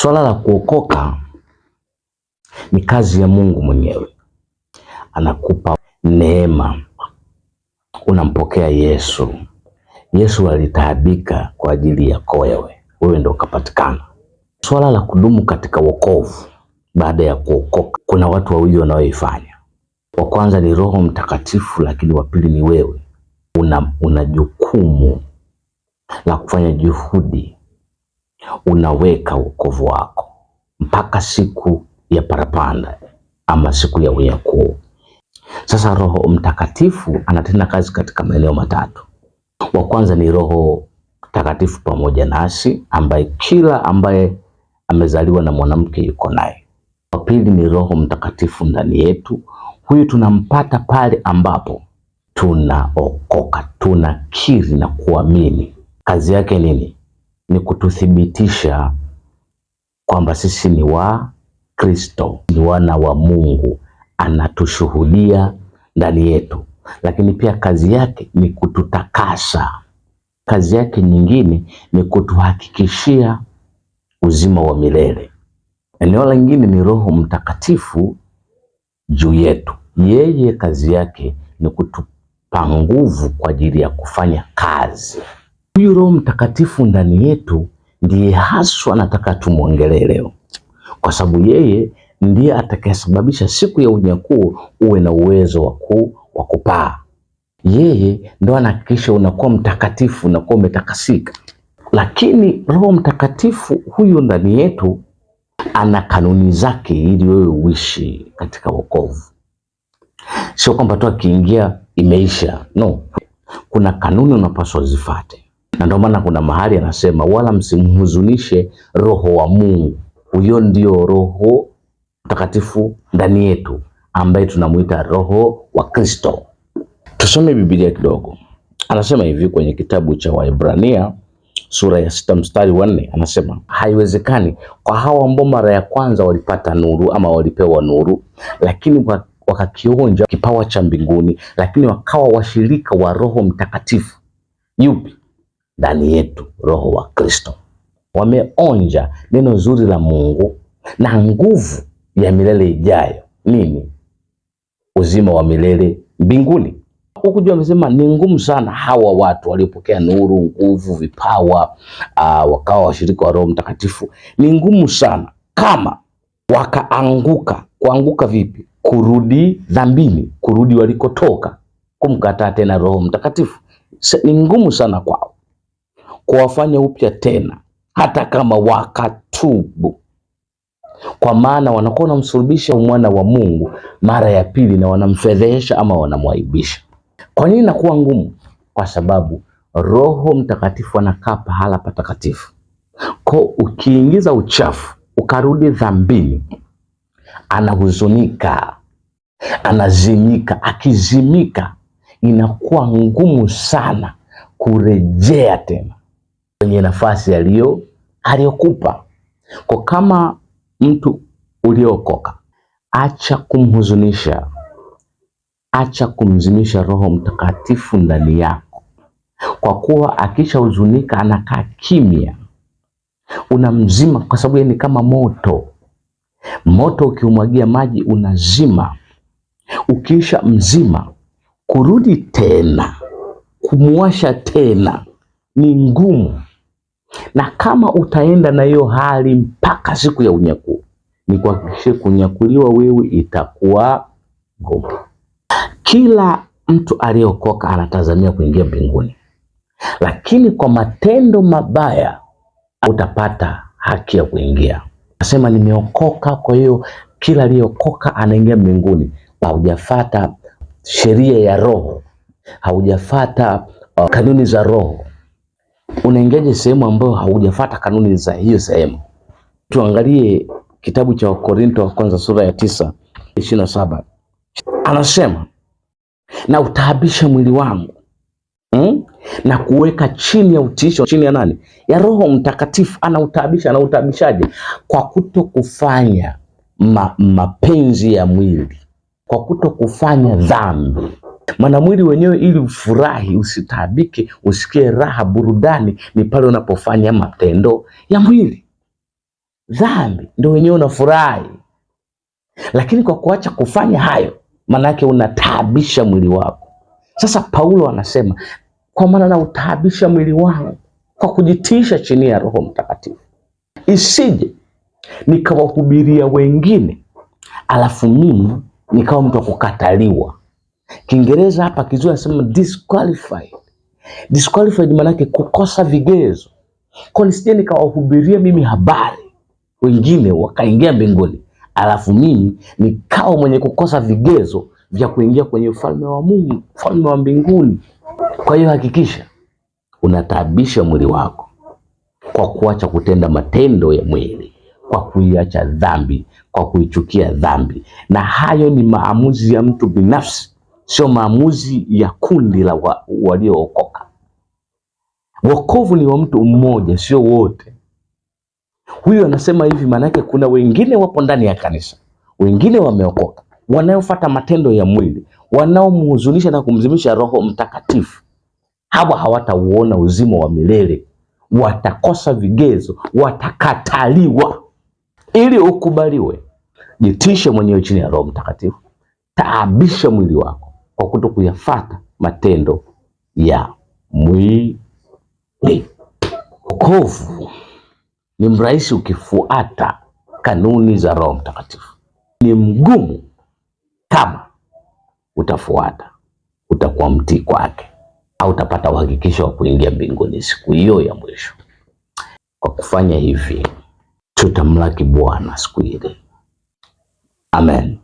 Swala la kuokoka ni kazi ya Mungu mwenyewe, anakupa neema, unampokea Yesu. Yesu alitaabika kwa ajili yako wewe, wewe ndio ukapatikana. Swala la kudumu katika wokovu baada ya kuokoka, kuna watu wawili wanaoifanya. Wa kwanza ni Roho Mtakatifu, lakini wa pili ni wewe. Una, una jukumu la kufanya juhudi unaweka wokovu wako mpaka siku ya parapanda ama siku ya unyakuo. Sasa Roho Mtakatifu anatenda kazi katika maeneo matatu. Wa kwanza ni Roho Mtakatifu pamoja nasi, ambaye kila ambaye amezaliwa na mwanamke yuko naye. Wa pili ni Roho Mtakatifu ndani yetu, huyu tunampata pale ambapo tunaokoka, tunakiri na kuamini. Kazi yake nini? ni kututhibitisha kwamba sisi ni wa Kristo, ni wana wa Mungu, anatushuhudia ndani yetu, lakini pia kazi yake ni kututakasa. Kazi yake nyingine ni kutuhakikishia uzima wa milele. Eneo lingine ni Roho Mtakatifu juu yetu. Yeye kazi yake ni kutupa nguvu kwa ajili ya kufanya kazi. Huyu Roho Mtakatifu ndani yetu ndiye haswa nataka tumwongelee leo, kwa sababu yeye ndiye atakayesababisha siku ya unyakuo uwe na uwezo wa kupaa. Yeye ndo anahakikisha unakuwa mtakatifu, unakuwa umetakasika. Lakini Roho Mtakatifu huyu ndani yetu ana kanuni zake ili wewe uishi katika wokovu. Sio kwamba tu akiingia imeisha, no. Kuna kanuni unapaswa zifate na ndio maana kuna mahali anasema wala msimhuzunishe Roho wa Mungu. Huyo ndio Roho Mtakatifu ndani yetu ambaye tunamuita Roho wa Kristo. Tusome Biblia kidogo. Anasema hivi kwenye kitabu cha Waebrania sura ya sita mstari wa nne anasema haiwezekani kwa hawa ambao mara ya kwanza walipata nuru ama walipewa nuru, lakini wakakionja kipawa cha mbinguni, lakini wakawa washirika wa Roho Mtakatifu yupi? ndani yetu roho wa Kristo. Wameonja neno zuri la Mungu na nguvu ya milele ijayo, nini? Uzima wa milele mbinguni. Huku wamesema amesema ni ngumu sana hawa watu waliopokea nuru, nguvu, vipawa, uh, wakawa washirika wa Roho Mtakatifu, ni ngumu sana kama wakaanguka. Kuanguka vipi? Kurudi dhambini, kurudi walikotoka, kumkataa tena Roho Mtakatifu, ni ngumu sana kwao kuwafanya upya tena, hata kama wakatubu, kwa maana wanakuwa wanamsulubisha mwana wa Mungu mara ya pili na wanamfedhehesha ama wanamwaibisha. Kwa nini inakuwa ngumu? Kwa sababu Roho Mtakatifu anakaa pahala patakatifu. Kwa ukiingiza uchafu ukarudi dhambini, anahuzunika, anazimika. Akizimika inakuwa ngumu sana kurejea tena kwenye nafasi aliyo aliyokupa. Kwa kama mtu uliokoka, acha kumhuzunisha, acha kumzimisha Roho Mtakatifu ndani yako, kwa kuwa akishahuzunika anakaa kimya, unamzima kwa sababu yeye ni kama moto. Moto ukiumwagia maji unazima, ukiisha mzima, kurudi tena kumwasha tena ni ngumu na kama utaenda na hiyo hali mpaka siku ya unyakuo, ni kuhakikishe kunyakuliwa wewe itakuwa ngumu. Kila mtu aliyeokoka anatazamia kuingia mbinguni, lakini kwa matendo mabaya utapata haki ya kuingia. Nasema nimeokoka, kwa hiyo kila aliyeokoka anaingia mbinguni. Haujafata sheria ya Roho, haujafata uh, kanuni za Roho unaingiaje sehemu ambayo haujafata kanuni za hiyo sehemu? Tuangalie kitabu cha Wakorinto wa kwanza sura ya tisa ishirini na saba anasema na utaabisha mwili wangu hmm? na kuweka chini ya utiisho, chini ya nani? Ya Roho Mtakatifu. Anautaabisha, anautaabishaje? Kwa kuto kufanya ma, mapenzi ya mwili, kwa kuto kufanya dhambi. Maana mwili wenyewe ili ufurahi, usitaabike, usikie raha, burudani ni pale unapofanya matendo ya mwili. Dhambi ndio wenyewe unafurahi, lakini kwa kuacha kufanya hayo, yake unataabisha mwili wako. Sasa Paulo anasema kwa maana nautaabisha mwili wangu kwa kujitiisha chini ya Roho Mtakatifu, isije nikawahubiria wengine alafu mimi nikawa mtu wa kukataliwa. Kiingereza hapa kizuri anasema disqualified. Disqualified yake kukosa vigezo, kwa nisije nikawahubiria mimi habari wengine wakaingia mbinguni, alafu mimi nikawa mwenye kukosa vigezo vya kuingia kwenye ufalme wa Mungu, ufalme wa mbinguni. Kwa hiyo hakikisha unataabisha mwili wako kwa kuacha kutenda matendo ya mwili, kwa kuiacha dhambi, kwa kuichukia dhambi, na hayo ni maamuzi ya mtu binafsi sio maamuzi ya kundi la wa, waliookoka. Wokovu ni wa mtu mmoja, sio wote. Huyu anasema hivi, maanake kuna wengine wapo ndani ya kanisa, wengine wameokoka, wanaofuata matendo ya mwili, wanaomhuzunisha na kumzimisha Roho Mtakatifu. Hawa hawatauona uzima wa milele, watakosa vigezo, watakataliwa. Ili ukubaliwe, jitishe mwenyewe chini ya Roho Mtakatifu, taabisha mwili wako kwa kuto kuyafata matendo ya mwili. Wokovu ni mrahisi ukifuata kanuni za Roho Mtakatifu, ni mgumu kama utafuata, utakuwa mtii kwake, au utapata uhakikisho wa kuingia mbinguni siku hiyo ya mwisho. Kwa kufanya hivi, tutamlaki Bwana siku ile. Amen.